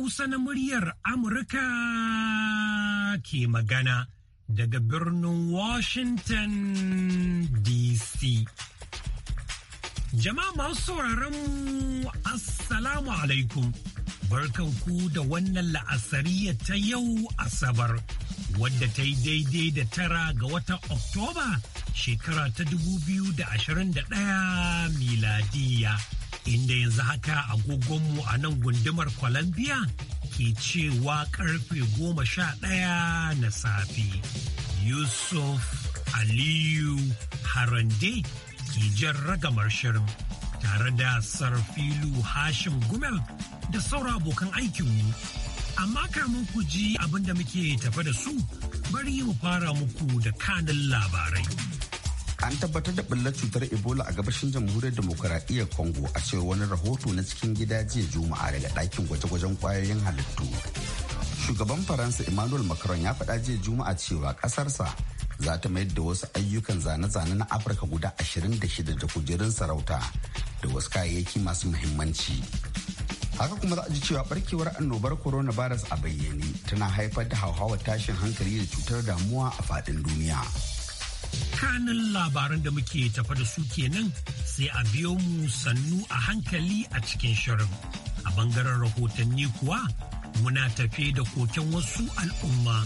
Hausa na muryar Amurka ke magana daga birnin Washington DC. Jama'a masu sauraron mu Assalamu alaikum. Barkanku da wannan la'asariya ta yau Asabar, wadda ta yi daidai da tara ga watan Oktoba shekara ta 2021 miladiya. inda yanzu haka agogonmu a nan gundumar Columbia ke cewa karfe goma sha ɗaya na safe. Yusuf Aliyu Harande ke jan ragamar shirin tare da Sarfilu Hashim Gumel da saura abokan aikinmu. Amma kamun ku ji abin muke tafa da su bari mu fara muku da kanin labarai. an tabbatar da ɓullar cutar ebola a gabashin jamhuriyar demokuraɗiyyar congo a cewar wani rahoto na cikin gida jiya juma'a daga ɗakin gwaje-gwajen kwayoyin halittu shugaban faransa emmanuel macron ya faɗa jiya juma'a cewa ƙasarsa za ta mayar da wasu ayyukan zane-zane na afirka guda 26 da kujerun sarauta da wasu kayayyaki masu muhimmanci haka kuma za a ji cewa barkewar annobar coronavirus a bayyane tana haifar da hauhawar tashin hankali da cutar damuwa a faɗin duniya tsakanin labaran da muke tafa da su kenan sai a biyo mu sannu a hankali a cikin shirin. A bangaren rahotanni kuwa muna tafe da koken wasu al'umma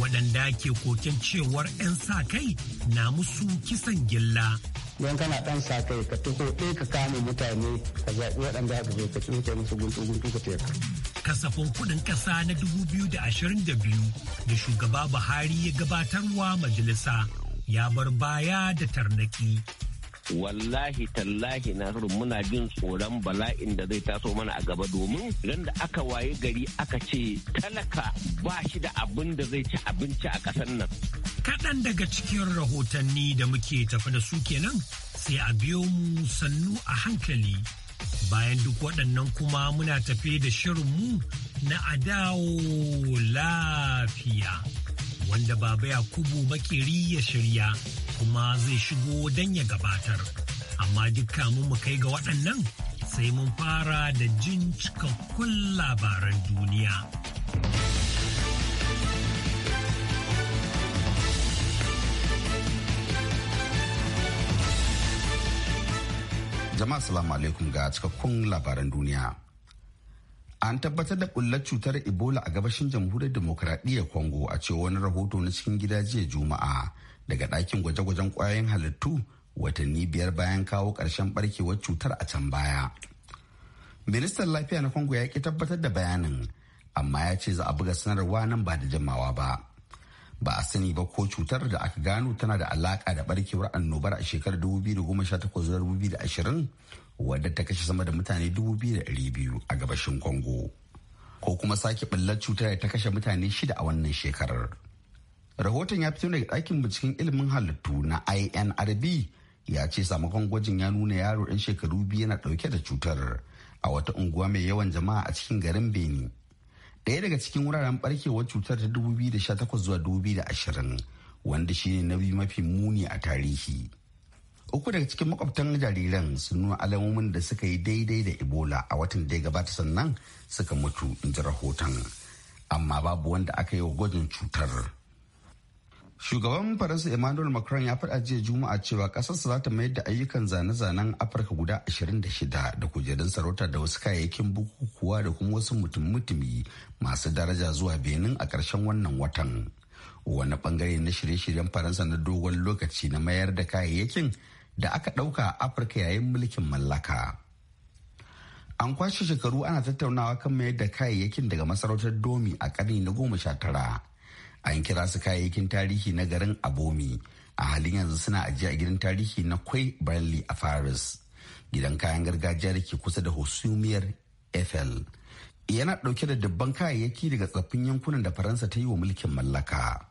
waɗanda ke koken cewar 'yan sa-kai na musu kisan gilla. don kana ɗan sa-kai ka taho ɗaya ka kame mutane ka zaɓi waɗanda ka zai ka tsinke musu guntu-guntu ka teka. kasafin kuɗin ƙasa na biyu da shugaba Buhari ya gabatarwa majalisa ya bar baya da tarnaki. wallahi tallahi na muna jin tsoron bala'in da zai taso mana a gaba domin idan da aka waye gari aka ce talaka ba shi da abin da zai ci abinci a ƙasar nan. Kaɗan daga cikin rahotanni da muke tafi da su kenan sai a biyo mu sannu a hankali. Bayan duk waɗannan kuma muna tafe da shirinmu na adawo lafiya. wanda baba Yakubu Bakiri ya shirya kuma zai shigo don ya gabatar. Amma dukka mu mu kai ga waɗannan sai mun fara da jin cikakkun labaran duniya. Jama'a salamu alaikum ga cikakkun labaran duniya. an tabbatar da bullar cutar ebola a gabashin jamhuriyar demokuraɗiyyar congo a cewa wani rahoto na cikin gida jiya juma'a daga ɗakin gwaje-gwajen ƙwayoyin halittu watanni biyar bayan kawo ƙarshen ɓarkewar cutar a can baya ministan lafiya na congo ya ki tabbatar da bayanin amma ya ce za a buga sanarwa nan ba da jimawa ba ba a sani ba ko cutar da aka gano tana da alaƙa da ɓarkewar annobar a shekarar 2018-2020 wadda ta kashe sama da mutane 2,200 a gabashin Congo. Ko kuma sake ɓullar cutar da ta kashe mutane shida a wannan shekarar. Rahoton ya fito daga ɗakin binciken ilimin halittu na INRB ya ce samakon gwajin ya nuna yaro ɗan shekaru biyu yana ɗauke da cutar a wata unguwa mai yawan jama'a a cikin garin Beni. Ɗaya daga cikin wuraren ɓarkewar cutar ta 2018 zuwa 2020 wanda shine na biyu mafi muni a tarihi. uku daga cikin makwabtan jariran sun nuna alamomin da suka yi daidai da ebola a watan da ya gabata sannan suka mutu in ji rahoton amma babu wanda aka yi wa gwajin cutar shugaban faransa emmanuel macron ya faɗa jiya juma'a cewa ƙasarsa za ta mayar da ayyukan zane-zanen afirka guda 26 da kujerun sarauta da wasu kayayyakin bukukuwa da kuma wasu mutum-mutumi masu daraja zuwa benin a ƙarshen wannan watan wani bangare na shirye-shiryen faransa na dogon lokaci na mayar da kayayyakin da aka ɗauka a afirka yayin mulkin mallaka an kwashe shekaru ana tattaunawa kan mayar da kayayyakin daga masarautar domi a ƙarni na goma sha tara an kira su kayayyakin tarihi na garin abomi a halin yanzu suna ajiye a gidan tarihi na kwai burnley a Faris. gidan kayan gargajiya da ke kusa da hosumiyar eiffel yana ɗauke da dubban kayayyaki daga tsaffin yankunan da faransa ta yi wa mulkin mallaka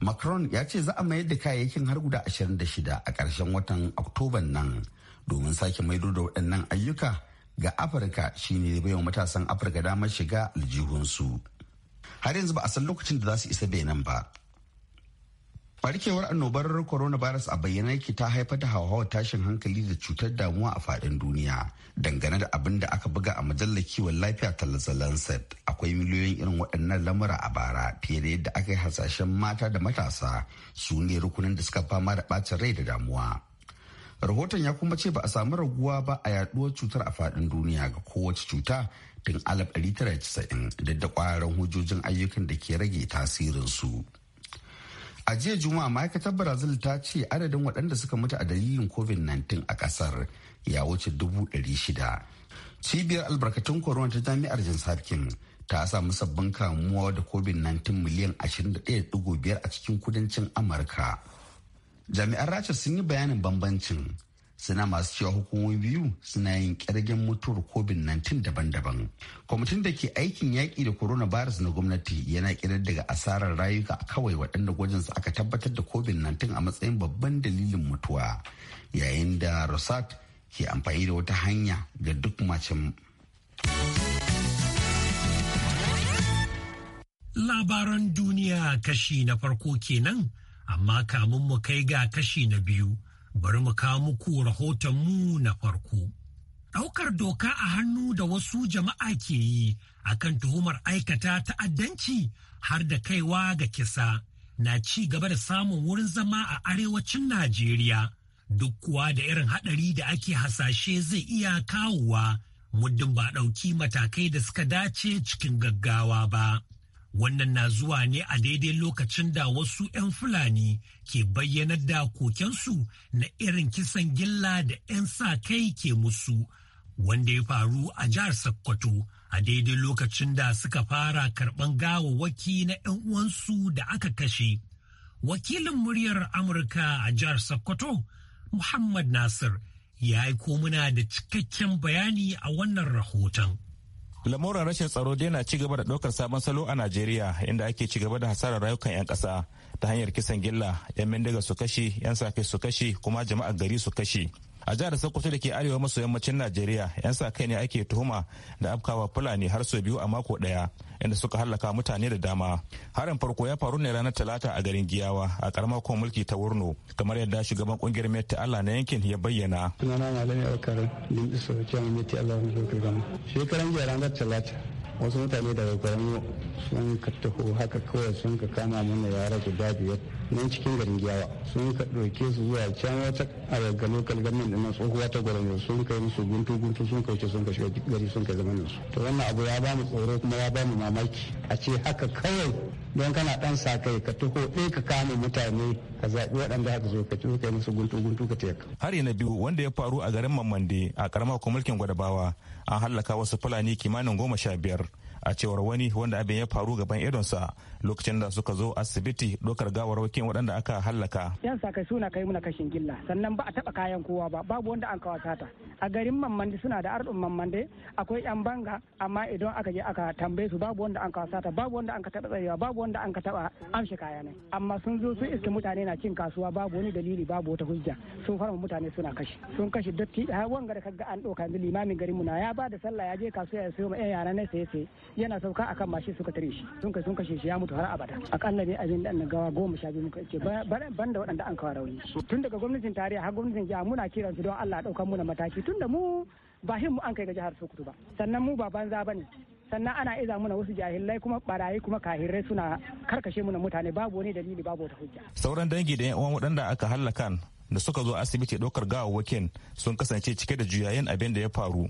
macron ya ce za a mayar da kayayyakin har guda 26 a ƙarshen watan oktoban nan domin sake maido da waɗannan ayyuka ga afirka shine baiwa matasan afirka damar shiga aljihunsu har yanzu ba a san lokacin da za su isa benin ba Barkewar annobar coronavirus a bayyana yake ta haifar da hauhawar tashin hankali da cutar damuwa a fadin duniya. Dangane da abin da aka buga a mujallar kiwon lafiya ta Lancet, akwai miliyoyin irin waɗannan lamura a bara fiye da yadda aka yi hasashen mata da matasa su ne rukunin da suka fama da ɓacin rai da damuwa. Rahoton ya kuma ce ba a samu raguwa ba a yaduwar cutar a fadin duniya ga kowace cuta tun ɗari 1990 da da hujjojin ayyukan da ke rage tasirinsu. su. A jiya Juma'a ma'aikatar Brazil ta ce adadin waɗanda suka mutu a dalilin COVID-19 a ƙasar ya wuce dubu ɗari shida. Cibiyar albarkatun corona ta jami'ar Jan sarkin ta samu sabbin kamuwa da COVID-19 miliyan 21.5 a cikin kudancin Amurka. Jami'an Rasha sun yi bayanin bambancin suna masu cewa hukumomi biyu suna yin kirgin mutuwar covid-19 daban-daban kwamitin da ke aikin yaƙi da coronavirus na gwamnati yana kirar daga asarar rayuka kawai waɗanda gwajin su aka tabbatar da covid-19 a matsayin babban dalilin mutuwa yayin da rosat ke amfani da wata hanya ga duk macen labaran duniya kashi na farko kenan amma kamun mu kai ga kashi na biyu bari mu kawo muku mu na farko. Ɗaukar doka a hannu da wasu jama'a ke yi a kan tuhumar aikata ta'addanci har da kaiwa ga kisa na ci gaba da samun wurin zama a arewacin Najeriya. Duk kuwa da irin haɗari da ake hasashe zai iya kawowa muddin ba ɗauki matakai da suka dace cikin gaggawa ba. Wannan na zuwa ne a daidai lokacin da wasu 'yan Fulani ke bayyanar da kokensu na irin kisan gilla da 'yan sa kai ke musu, wanda ya faru a jihar Sokoto a daidai lokacin da suka fara karɓan gawawwaki na 'yan uwansu da aka kashe. Wakilin muryar Amurka a jihar Sokoto, Muhammad Nasir, ya yi komuna da cikakken bayani a wannan rahoton. lamuran rashin tsaro dai na cigaba da ɗaukar sabon salo a najeriya inda ake cigaba da hasarar rayukan 'yan ƙasa ta hanyar kisan gilla 'yan bindiga su kashe 'yan safe su kashe kuma jama'ar gari su kashe a jihar sokoto da ke arewa maso yammacin najeriya yan sa kai ne ake tuhuma da afkawa fulani har sau biyu a mako daya inda suka hallaka mutane da dama harin farko ya faru ne ranar talata a garin giyawa a karamar kwan mulki ta wurno kamar yadda shugaban kungiyar meti allah na yankin ya bayyana sunana malami alkar din iso kyan meti allah na lokacin gama shekaran jiya ranar talata wasu mutane daga garin sun ka taho haka kawai sun ka kama mana yara guda biyar nan cikin garin giyawa sun ka ɗauke su zuwa can wata a daga local government ɗin tsohuwa ta gwaron sun kai musu guntu guntu sun kauce sun ka shiga gari sun kai zaman su to wannan abu ya ba mu tsoro kuma ya ba mu mamaki a ce haka kawai don kana dan sa kai ka tuho ɗaya ka kame mutane ka zaɓi waɗanda haka zo ka ci kai musu guntu guntu ka ce hari na biyu wanda ya faru a garin mamande a ƙaramar mulkin gwadabawa an hallaka wasu fulani kimanin goma sha biyar a cewar wani wanda abin ya faru gaban idonsa lokacin da suka zo asibiti dokar gawarwakin waɗanda aka hallaka. Yan sa kai suna kai muna kashin gilla sannan ba a taɓa kayan kowa ba babu wanda an kawo sata. A garin mamman suna da arɗin Mammande akwai yan banga amma idan aka je aka tambaye su babu wanda an kawo sata babu wanda an ka taɓa tsarewa babu wanda an ka taɓa amshi kaya ne. Amma sun zo sun iske mutane na cin kasuwa babu wani dalili babu wata hujja sun fara mutane suna kashe sun kashe dotti har wanga da kaga an ɗauka yanzu limamin garin mu na ya ba da sallah ya je kasuwa ya sayo ma 'yan yara na saye saye yana sauka a kan mashi suka tare shi sun kai sun kashe shi ya mutu har abada akalla ne abin da gawa goma sha biyu muka ce ban da waɗanda an kawo rauni tun daga gwamnatin tarayya har gwamnatin jiha muna kiran su don Allah ɗaukar muna mataki tun da mu ba hin mu an kai ga jihar Sokoto ba sannan mu ba banza bane sannan ana iza muna wasu jahilai kuma barayi kuma kahirai suna karkashe muna mutane babu wani dalili babu wata hujja sauran dangi da yan uwan waɗanda aka halaka da suka zo asibiti ɗaukar gawawwakin sun kasance cike da juyayen abin da ya faru.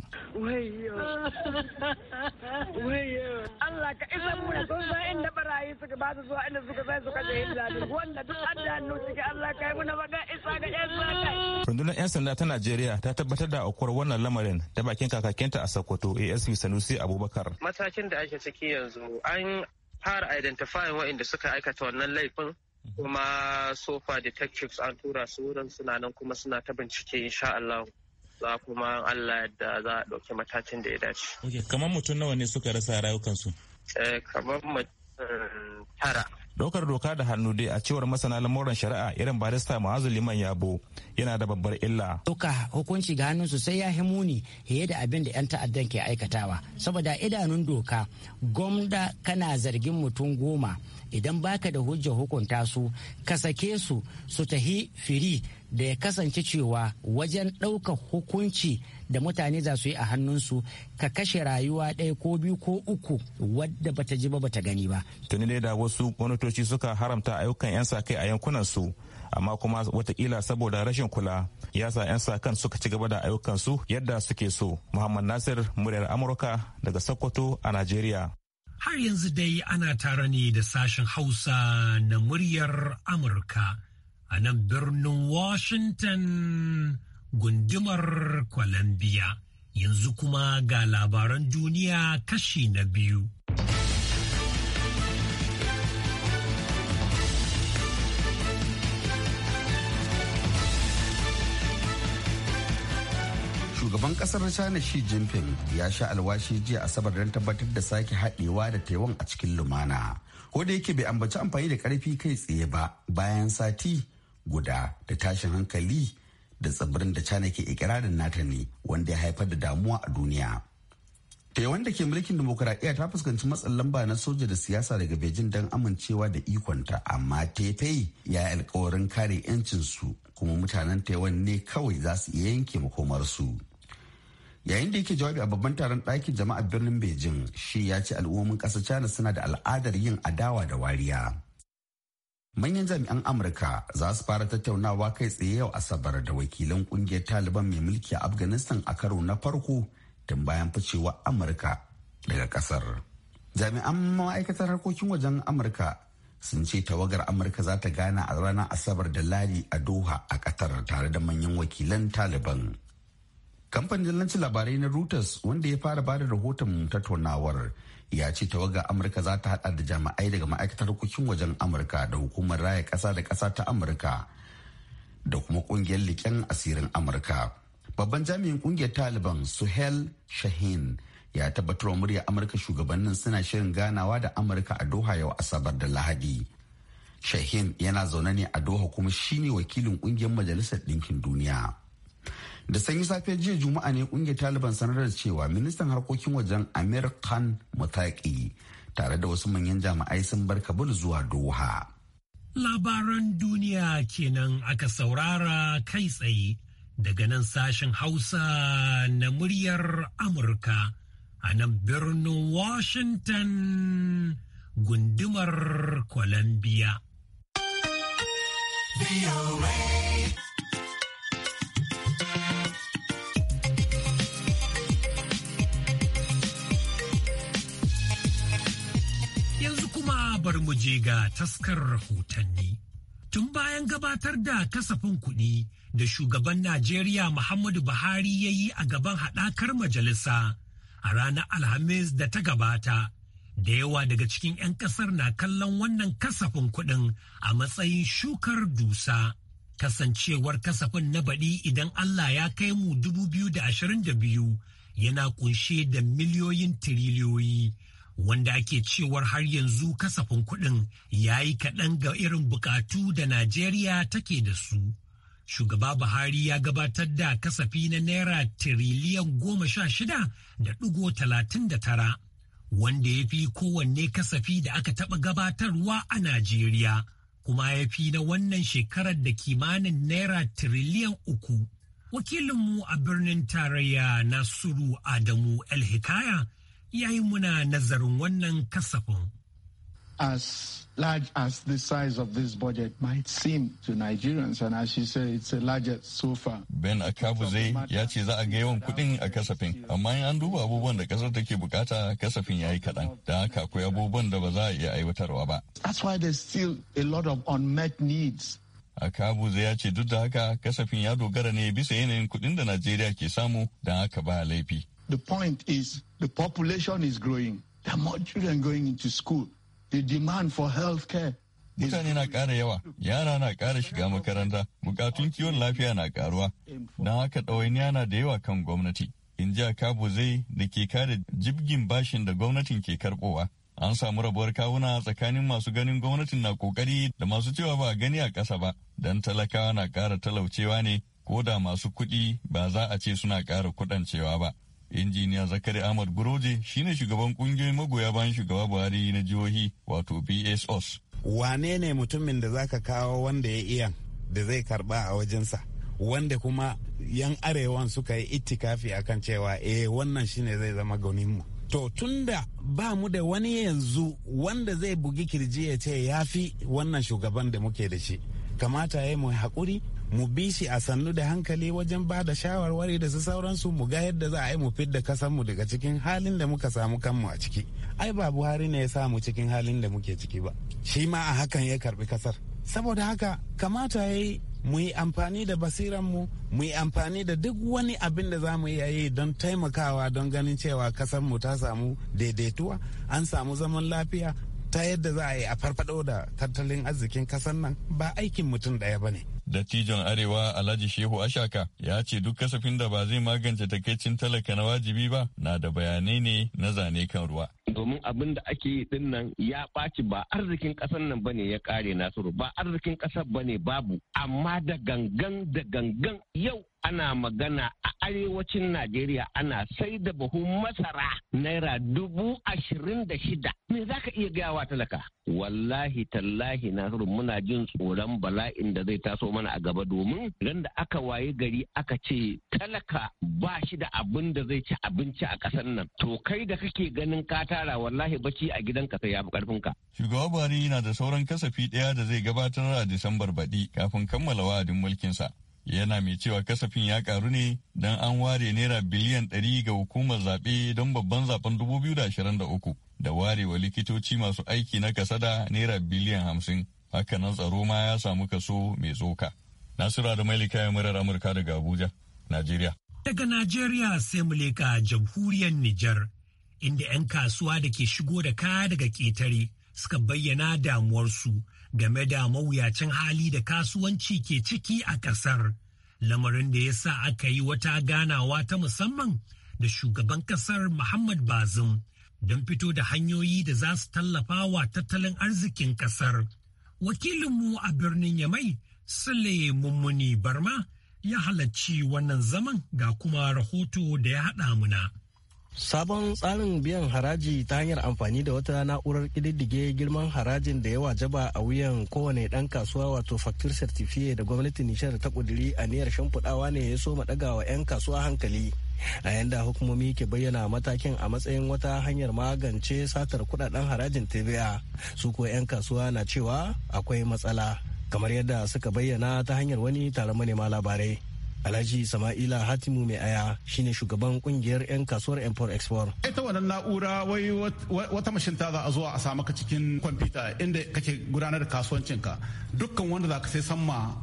Allah ka isa mu da sun inda barayi suka ba su zuwa inda suka suka wanda duk an da Allah ka isa ga yan sanda. Rundunar yan sanda ta Najeriya ta tabbatar da aukuwar wannan lamarin da bakin kakakinta a Sokoto ASP Sanusi Abubakar. Matakin da ake ciki yanzu an fara identifying waɗanda suka aikata wannan laifin Mm-hmm. kuma sofa detectives an tura su wurin suna nan kuma suna ta bincike insha Allah za kuma Allah da za a ɗauki matakin da ya dace. ok kamar mutum nawa ne suka rasa rayukansu? Eh, kamar mutum tara. dokar doka da hannu dai a cewar masana lamuran shari'a irin barista ma'azu liman yabo yana da babbar illa. doka hukunci ga hannun sai ya muni fiye da abin da 'yan ta'addan ke aikatawa. Saboda idanun doka gwamda kana zargin mutum goma idan baka da hujjar hukunta su ka sake su su tahi firi da ya kasance cewa wajen ɗaukar hukunci da mutane za su yi a hannunsu ka kashe rayuwa ɗaya ko biyu ko uku wadda bata ji ba bata gani ba. Tuni dai da wasu gwamnatoci suka haramta ayyukan 'yan sa kai a yankunan su amma kuma watakila saboda rashin kula ya sa 'yan sa kan suka ci gaba da su yadda suke so. Muhammad Nasir muryar Amurka daga Sokoto a Najeriya. Har yanzu dai ana tare ne da sashen Hausa na muryar Amurka a nan birnin Washington gundumar Columbia. Yanzu kuma ga labaran duniya kashi na biyu. shugaban kasar china shi jinping ya sha alwashi jiya asabar don tabbatar da sake haɗewa da taiwan a cikin lumana ko da yake bai ambaci amfani da karfi kai tsaye ba bayan sati guda da tashin hankali da tsibirin da china ke ikirarin nata ne wanda ya haifar da damuwa a duniya taiwan da ke mulkin demokuraɗiyya ta fuskanci matsin lamba na soja da siyasa daga beijing don amincewa da ikonta amma taipei ya yi alkawarin kare 'yancinsu kuma mutanen taiwan ne kawai za su iya yanke makomarsu yayin da yake jawabi a babban taron ɗakin jama'a birnin beijing shi ya ce al'ummomin ƙasar china suna da al'adar yin adawa da wariya manyan jami'an amurka za su fara tattaunawa kai tsaye yau asabar da wakilan kungiyar taliban mai mulki a afghanistan a karo na farko tun bayan ficewa amurka daga kasar jami'an ma'aikatar harkokin wajen amurka sun ce tawagar amurka za ta gana a ranar asabar da ladi a doha a qatar tare da manyan wakilan taliban Kamfanin lanci labarai na Reuters wanda ya fara bada rahoton tattaunawar ya ce tawaga Amurka za ta hada da jami'ai daga ma'aikatar hukumar wajen Amurka da hukumar raya kasa da kasa ta Amurka da kuma kungiyar liƙen asirin Amurka. Babban jami'in kungiyar Taliban suhel Shaheen ya tabbatar wa murya Amurka shugabannin suna shirin ganawa da Amurka a Doha yau Asabar da Lahadi. Shaheen yana zaune ne a Doha kuma shine wakilin kungiyar Majalisar Ɗinkin Duniya. da sanyi safe jiya juma'a ne kungiyar taliban sanar da cewa ministan harkokin wajen amir khan mutaki tare da wasu manyan jami'ai sun bar kabul zuwa doha labaran duniya kenan aka saurara kai tsaye daga nan sashen hausa na muryar amurka a nan birnin washington gundumar columbia. Yanzu kuma bari mu je ga taskar rahotanni. Tun bayan gabatar da kasafin kuɗi da shugaban Najeriya Muhammadu Buhari ya yi a gaban haɗakar majalisa a ranar Alhamis da ta gabata. da yawa daga cikin 'yan ƙasar na kallon wannan kasafin kuɗin a matsayin shukar dusa kasancewar kasafin na baɗi idan Allah ya kai mu biyu, yana kunshe da miliyoyin tiriliyoyi wanda ake cewar har yanzu kasafin kuɗin ya yi kaɗan ga irin buƙatu da Najeriya take da su. Shugaba Buhari ya gabatar da kasafi na Naira tiriliyan goma sha shida da ɗigo talatin da tara, wanda ya fi kowanne kasafi da aka taɓa gabatarwa a Najeriya. kuma ya fi na wannan shekarar da kimanin naira tiriliyan uku. Wakilinmu a birnin tarayya Nasiru Adamu El Hikaya ya yi muna nazarin wannan kasafin. as large as the size of this budget might seem to Nigerians, and as you say, it's the largest so far. Ben Akabuze ya ce za a ga yawan kuɗin a kasafin, amma in an duba abubuwan da ƙasar take bukata kasafin ya yi kaɗan, da haka akwai abubuwan da ba za a iya aiwatarwa ba. That's why there's still a lot of unmet needs. Akabuze ya ce duk da haka kasafin ya dogara ne bisa yanayin kuɗin da Najeriya ke samu don haka ba laifi. The point is the population is growing. There are more children going into school. the demand for health care. Mutane na ƙara yawa, yara na ƙara shiga makaranta, bukatun kiwon lafiya na ƙaruwa, don haka ɗawainiya na da yawa kan gwamnati. In ji a zai da ke kare jibgin bashin da gwamnatin ke karɓowa. An samu rabuwar kawuna tsakanin masu ganin gwamnatin na ƙoƙari da masu cewa ba gani a ƙasa ba, don talakawa na ƙara talaucewa ne, ko da masu kuɗi ba za a ce suna ƙara kuɗancewa ba. injiniya zakari ahmad buroje shine shugaban kungiyoyin magoya bayan shugaba buhari na jihohi wato bsos wane ne mutumin da zaka kawo wanda ya iya da zai karba a wajensa wanda kuma yan arewan suka yi itikafi akan cewa eh wannan shine zai zama gauninmu to tunda ba mu da wani yanzu wanda zai bugi kirji ya ce ya fi wannan shugaban da muke da shi kamata ya yi mu haƙuri mu bi shi a sannu da hankali wajen ba da shawarwari da su sauransu mu ga yadda za a yi mu fidda kasanmu daga cikin halin da muka samu kanmu a ciki ai ba buhari ne ya mu cikin halin da muke ciki ba shi ma a hakan ya karbi kasar saboda haka kamata ya yi mu yi amfani da basiranmu mu yi amfani da duk wani abin da za mu iya yi don taimakawa don ganin cewa kasanmu ta samu daidaituwa an samu zaman lafiya ta yadda za a yi a farfado da tattalin arzikin kasar nan ba aikin mutum daya ba ne. Dattijon Arewa Alhaji Shehu Ashaka ya ce duk kasafin da ba zai magance takaicin talaka na wajibi ba na da bayanai ne na zane kan ruwa. Domin abin da ake yi din nan ya ɓaci ba arzikin ƙasar nan bane ya ƙare Nasiru ba arzikin ƙasar bane babu amma da gangan da gangan yau ana magana a arewacin Najeriya ana sai da buhun masara naira dubu ashirin da shida. Me za ka iya gaya wa talaka? Wallahi tallahi na muna jin tsoron bala'in da zai taso mana a gaba domin ran aka waye gari aka ce talaka ba shi da abin da zai ci abinci a ƙasar nan. To kai da kake ganin ka tara wallahi bacci a ka sai ya fi ka Shugaba Buhari yana da sauran kasafi ɗaya da zai gabatar a Disambar baɗi kafin kammala wa'adin mulkinsa. yana mai cewa kasafin ya karu ne don an ware naira biliyan 100 ga hukumar zaɓe don babban zaben 2023 da warewa likitoci masu aiki na kasada naira biliyan 50 hakanan tsaro ma ya samu kaso mai tsoka nasiru da mailika ya murar amurka daga abuja najeriya daga najeriya sai mu leka jamhuriyar nijar inda 'yan kasuwa da ke shigo da kaya daga ƙetare suka bayyana damuwarsu game da mawuyacin hali da kasuwanci ke ciki a ƙasar lamarin da ya sa aka yi wata ganawa ta musamman da shugaban ƙasar muhammad bazum don fito da hanyoyi da za su tallafa wa tattalin arzikin ƙasar wakilinmu a birnin yamai sule mummuni barma ya halarci wannan zaman ga kuma rahoto da ya haɗa muna. Sabon tsarin biyan haraji ta hanyar amfani da wata na'urar ƙididdige girman harajin da ya wajaba a wuyan kowane ɗan kasuwa wato factor certifiye da gwamnatin nishar ta ƙudiri niyar shimfiɗawa ne ya so ɗaga wa 'yan kasuwa hankali. A yanda hukumomi ke bayyana matakin a matsayin wata hanyar magance satar kuɗaɗen harajin TVA su kuwa 'yan kasuwa na cewa akwai matsala kamar yadda suka bayyana ta hanyar wani taron manema labarai. Alhaji Sama'ila Hatimu mai aya shine shugaban kungiyar 'yan kasuwar import export. Ita wannan na'ura wai wata mashin ta za a zo a samu ka cikin kwamfuta inda kake gudanar da kasuwancinka. Dukkan wanda za ka sai samma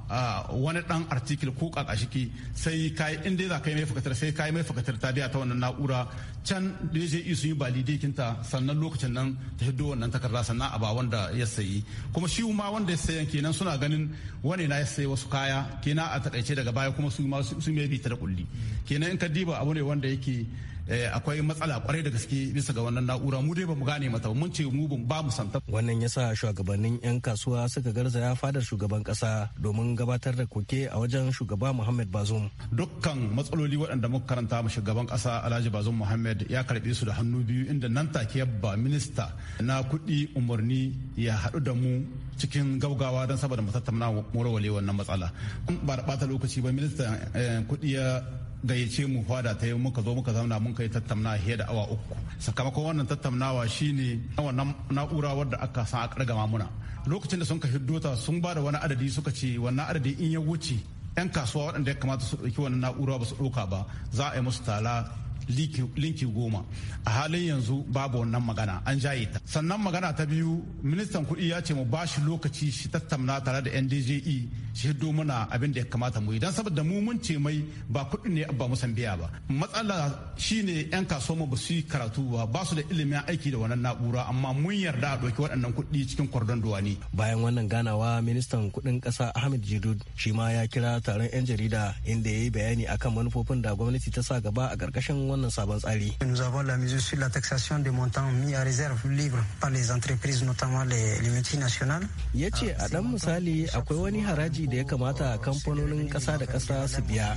wani dan article ko kakashiki sai kai inda za ka yi mai fakatar sai kai mai fakatar ta biya ta wannan na'ura can da ya je sun yi balidekin ta sannan lokacin nan ta hiddo wannan takarda sannan a ba wanda ya sayi kuma shi ma wanda ya sayan kenan suna ganin wani na ya sayi wasu kaya kenan a takaice daga baya kuma su su ma su mai bita da kulli kenan in ka diba abu ne wanda yake Eh, akwai matsala kwarai da gaske bisa ga wannan na'ura mu dai bamu gane mata mun ce mu ba mu santa wannan yasa shugabannin yan kasuwa suka garzaya fadar shugaban kasa domin gabatar da koke a wajen shugaba Muhammad Bazum dukkan matsaloli waɗanda muka karanta mu shugaban kasa Alhaji Bazum Muhammad ya karbe su da hannu biyu inda nan take ba minista na kuɗi umarni ya haɗu da mu cikin gaugawa don saboda mu tattauna warware wannan matsala ba da ɓata lokaci ba minista eh, kuɗi ya gayyace mu fada ta yi muka zo muka zauna mun kai tattauna fiye da awa uku sakamakon wannan tattaunawa shine wannan na'ura wadda aka san a kargama muna lokacin da sun ka hiddota sun bada wani adadi suka ce wannan adadi in ya wuce yan kasuwa waɗanda ya kamata su ɗauki wannan na'ura ba su ɗauka ba za a yi musu tala linki goma a halin yanzu babu wannan magana an jaye ta sannan magana ta biyu ministan kuɗi ya ce mu ba shi lokaci shi tattauna tare da ndje shi hiddo mana abin da ya kamata mu yi don saboda mu mun ce mai ba kuɗi ne ba mu san biya ba matsala shine yan kasuwa ba su yi karatu ba ba su da ilimin aiki da wannan na'ura amma mun yarda a ɗauki waɗannan kuɗi cikin kwardon duwani bayan wannan ganawa ministan kuɗin ƙasa ahmed jidud shi ma ya kira taron yan jarida inda ya yi bayani akan manufofin da gwamnati ta sa gaba a ƙarƙashin wannan sabon tsari. Nous avons la mesure sur la taxation des montants mis à réserve libre par les entreprises notamment les, les multinationales. Ya ce a dan euh, misali akwai wani haraji da ya kamata kamfanonin ƙasa da ƙasa su biya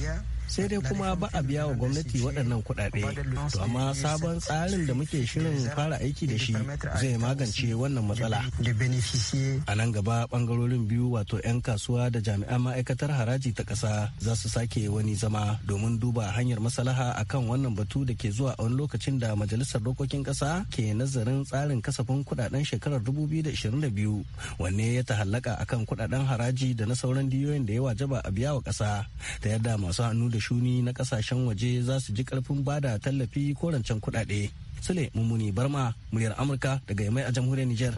sai dai kuma ba a biya wa gwamnati waɗannan kuɗaɗe to amma sabon tsarin da muke shirin fara aiki da shi zai magance wannan matsala a nan gaba ɓangarorin biyu wato 'yan kasuwa da jami'an ma'aikatar haraji ta ƙasa za su sake wani zama domin duba hanyar maslaha akan wannan batu da ke zuwa a wani lokacin da majalisar dokokin ƙasa ke nazarin tsarin kasafin kuɗaɗen shekarar 2022 wanne ya tahallaka akan kuɗaɗen haraji da na sauran diyoyin da ya wajaba a biya wa ƙasa ta yadda masu hannu da da shuni na kasashen waje za su ji karfin bada tallafi ko rancen kuɗaɗe. Sule Mummuni Barma, muryar Amurka daga Yamai a jamhuriyar Nijar.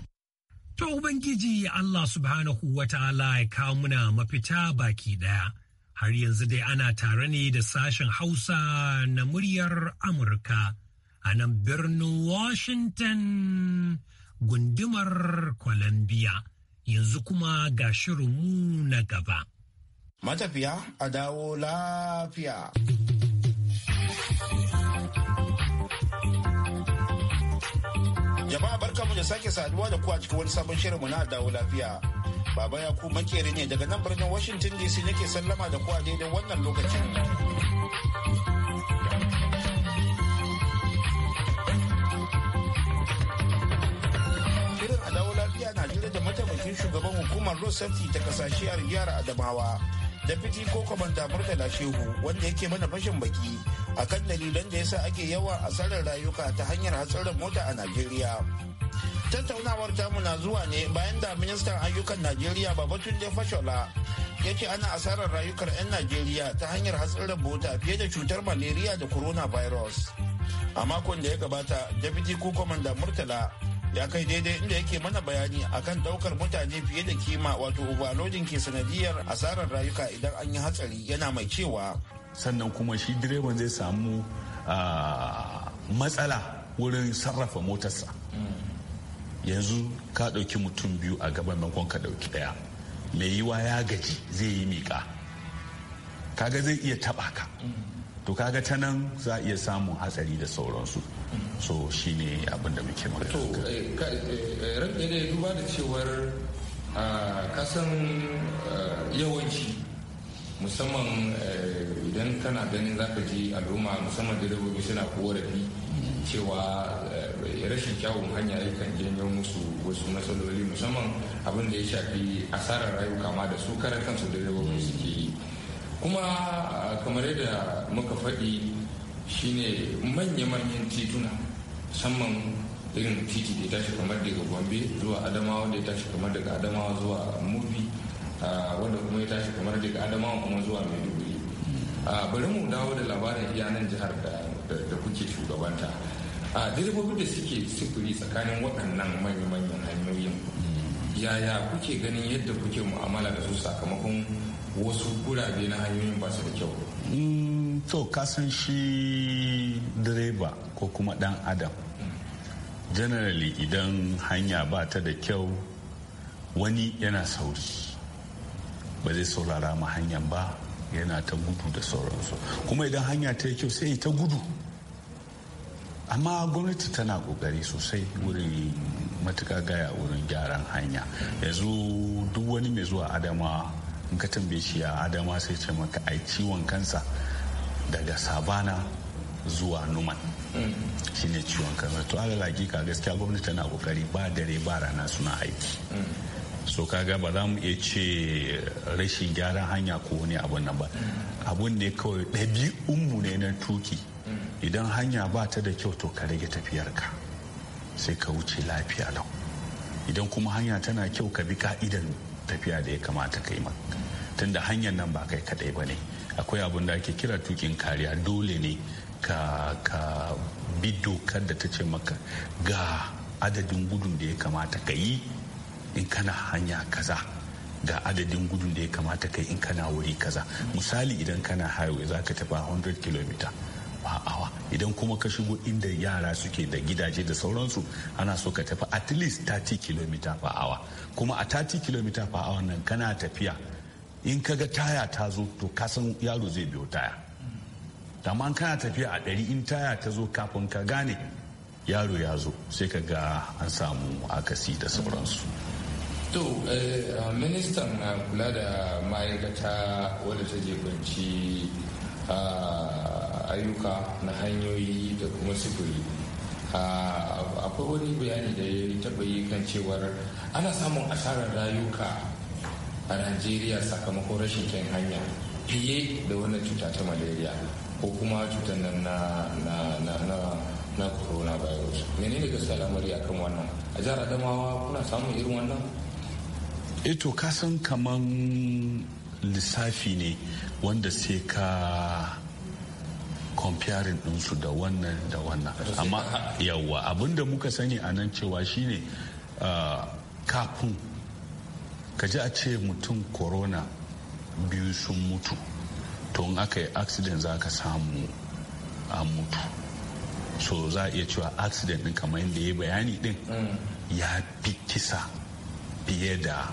To Ubangiji Allah subhanahu wa ta'ala ya kawo muna mafita baki ɗaya. Har yanzu dai ana tare ne da sashen Hausa na muryar Amurka a nan birnin Washington gundumar Columbia. Yanzu kuma ga shirinmu na gaba. matafiya a dawo lafiya. Jama'a mu da sake saduwa da ku a cikin wani sabon shirinmu na dawo lafiya. Baba ya ku makeri ne daga nan birnin Washington DC nake sallama da ku a daidai wannan lokacin. Shirin a dawo lafiya na jira da mataimakin shugaban hukumar Rosetti ta a yara Adamawa. Deputy ko kwamanda Murtala Shehu wanda yake mana fashin baki a kan dalilan da yasa ake yawa asarar rayuka ta hanyar hatsarin mota a Najeriya. Tattaunawar tamu na zuwa ne bayan da ministan ayyukan Najeriya da Fashola ya ce ana asarar rayukar 'yan Najeriya ta hanyar hatsarin mota fiye da cutar malaria da coronavirus. A makon da ya gabata, Deputy ko kwamanda Murtala ya kai daidai inda yake mana bayani akan daukar mutane fiye da kima wato overloading ke sanadiyar asarar rayuka idan an yi hatsari yana mai cewa sannan kuma shi direban zai samu matsala wurin sarrafa motarsa yanzu ka ɗauki mutum biyu a gaban mankon ka ɗauki ɗaya mai yiwa ya gaji zai yi miƙa kaga zai iya taɓa ka to kaga ta nan za a iya samun hatsari da sauransu so shine abin da muke magana to eh, eh, eh, rage da duba da cewar ah, kasan yawanci musamman idan kana ganin zaka ji al'umma musamman direbobi suna korafi cewa rashin kyawun hanya yakan janyo musu wasu matsaloli musamman abin da ya shafi asarar rayuka ma da su karan kansu direbobi suke yi kuma ah, kamar yadda muka faɗi shine manya-manyan tituna musamman irin titi da ya tashi kamar daga gombe zuwa adamawa da ya tashi kamar daga adamawa zuwa mubi ah, wanda kuma ya tashi kamar daga adamawa kuma zuwa maiduguri ah, bari mu dawo da labarin iyanan jihar da kuke shugabanta a direbobin da suke sufuri tsakanin waɗannan manya-manyan hanyoyin yaya kuke ganin yadda kuke mu'amala da su sakamakon wasu gurabe na hanyoyin ba su da kyau mm, to kasan shi direba ko kuma dan adam generally idan hanya ba ta da kyau wani yana sauri ba zai saurara ma hanyar ba yana ta gudu da sauransu kuma idan hanya ta yi kyau sai ta gudu amma gwamnati tana kokari sosai wurin matuka gaya wurin gyaran hanya yanzu duk wani mai zuwa adama in ka tambaye shi ya adama sai ce maka ai ciwon kansa daga sabana zuwa numan mm. shine ciwon kansa to ala hakika gaskiya gwamnati tana kokari ba dare ba rana suna aiki mm. so kaga ba za mu iya ce rashin gyaran hanya ko wani abun nan ba mm. abun ne kawai ɗabi'unmu ne na tuki idan hanya ba ta da kyau to ka rage tafiyarka sai ka wuce lafiya lau idan kuma hanya tana kyau ka bi ka'idan tafiya da ya kamata kai ma tunda hanyar nan ba kai kadai ba ne akwai abun da ake kira tukin kariya dole ne ka ka bi dokar da ta ce maka ga adadin gudun da ya kamata ka yi in kana hanya kaza ga adadin gudun da ya kamata ka yi in kana wuri kaza misali idan kana highway za ka tafi 100 km awa idan kuma ka shigo inda yara suke da gidaje da sauransu ana so ka tafi at least 30 km per hour kuma a 30 km per hour nan kana tafiya in ka ga taya ta zo to kasan yaro zai biyo taya amma kana tafiya a ɗari in taya ta zo kafin ka gane yaro ya zo sai ka ga an samu akasi da sauransu to eh, ministan eh, kula da ma'aikata wadda ta jebanci ah, ayyuka na hanyoyi da kuma sufuri akwai wani bayani da ya taba yi kan cewar ana samun asarar rayuka a najeriya sakamakon rashin kyan hanya fiye da wannan cuta ta malaria ko kuma cutar nan na na na na coronavirus menene gaskiya lamari akan wannan a jihar adamawa kuna samun irin wannan eto eh kasan kaman lissafi ne wanda sai ka fiyarin ɗinsu da wannan da wannan amma yawa abinda muka sani a nan cewa shine uh, kafin ka ji a ce mutum corona biyu sun mutu to in aka yi accident za ka samu a mutu so za a iya cewa accident ɗin kamar yadda ya bayani ɗin ya fi kisa fiye da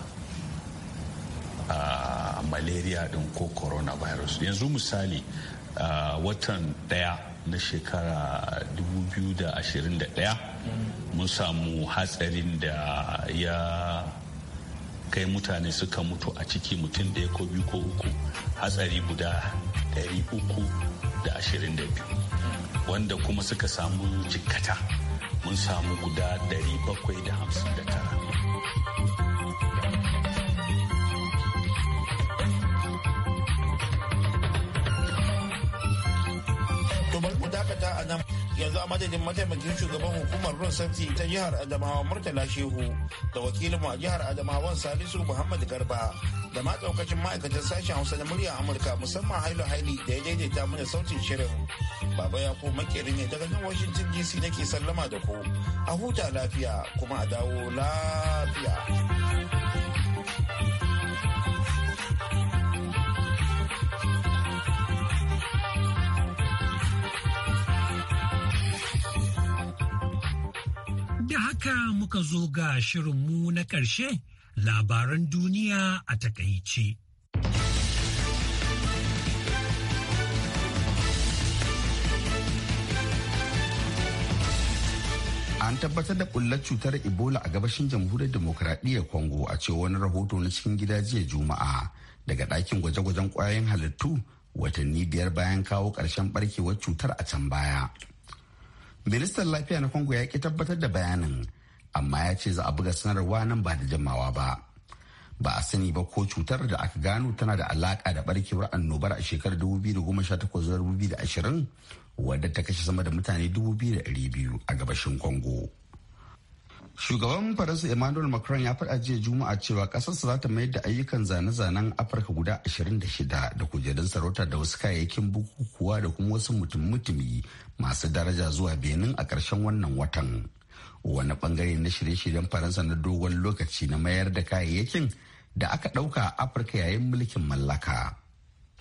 uh, malaria ɗin ko coronavirus yanzu misali uh, watan ɗaya na shekara 2021 mun samu hatsarin da ya kai mutane suka mutu a ciki mutum ɗaya ko biyu ko uku hatsari guda 322 wanda kuma suka samu jikata mun samu guda 759 yanzu a madadin mataimakin shugaban hukumar ruwan santi ta jihar adamawa murtala shehu da wakilin a jihar adamawa salisu muhammad garba da ma daukacin ma'aikatan sashen hausa na murya amurka musamman hailu haili da ya daidaita mana sautin shirin baba ya ko makerin ne daga nan washington dc nake sallama da ku a huta lafiya kuma a dawo lafiya haka muka zo ga shirinmu na ƙarshe labaran duniya a takaici. an tabbatar da ƙullar cutar ebola a gabashin jamhuriyar demokuraɗiyyar kongo a ce wani rahoto na cikin gida jiya juma'a daga ɗakin gwaje-gwajen ƙwayoyin halittu watanni biyar bayan kawo ƙarshen ɓarkewar cutar a can baya ministan lafiya na kongo ya ƙi tabbatar da bayanin amma ya ce za a buga sanarwa nan ba da jimawa ba ba a sani ba ko cutar da aka gano tana da alaka da barkewar annobar a shekarar 2018-2020 wadda ta kashe sama da mutane 2,200 a gabashin congo shugaban faransa emmanuel macron ya faɗa jiya juma'a cewa ƙasarsa za ta mayar da ayyukan zane-zanen afirka guda 26 da kujerun sarauta da wasu kayayyakin bukukuwa da kuma wasu mutum-mutumi masu daraja zuwa benin a ƙarshen wannan watan wani bangare na shirye-shiryen faransa na dogon lokaci na mayar da kayayyakin da aka ɗauka a afirka yayin mulkin mallaka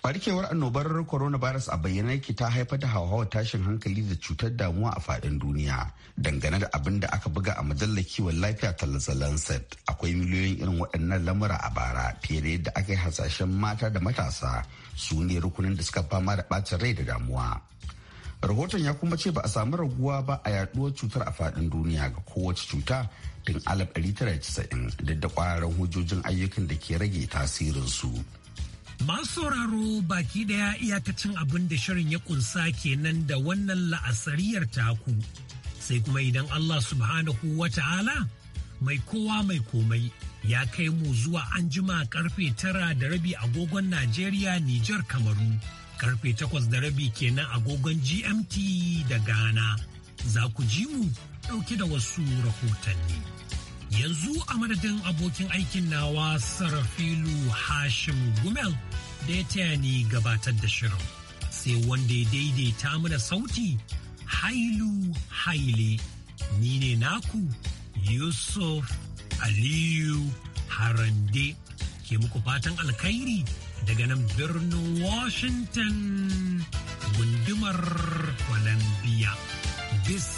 barkewar annobar coronavirus a bayyana yake ta haifar da hauhawar tashin hankali da cutar damuwa a fadin duniya dangane da abin da aka buga a mujallar kiwon lafiya ta lancet akwai miliyoyin irin waɗannan lamura a bara fiye da yadda aka yi hasashen mata da matasa su ne rukunin da suka fama da ɓacin rai da damuwa rahoton ya kuma ce ba a samu raguwa ba a yaduwar cutar a faɗin duniya ga kowace cuta tun 1990 duk da kwararan hujjojin ayyukan da ke rage tasirinsu. Masu sauraro baki daya iyakacin abin da shirin ya kunsa kenan da wannan la'asariyar taku. Sai kuma idan Allah subhanahu wa ta'ala mai kowa mai komai ya kai mu zuwa anjima karfe tara da rabi agogon Najeriya Nijar Kamaru. karfe takwas da rabi kenan agogon GMT da Ghana. Za ku ji mu ɗauke da wasu rahotanni. Yanzu a madadin abokin aikin nawa Sarafilu Hashim Gumel da ya taya ni gabatar da shirin. Sai wanda ya daidaita mana sauti Hailu Haile. Ni ne naku Yusuf Aliyu Harande ke muku fatan alkhairi. daga nan birnin Washington gundumar Columbia. Bis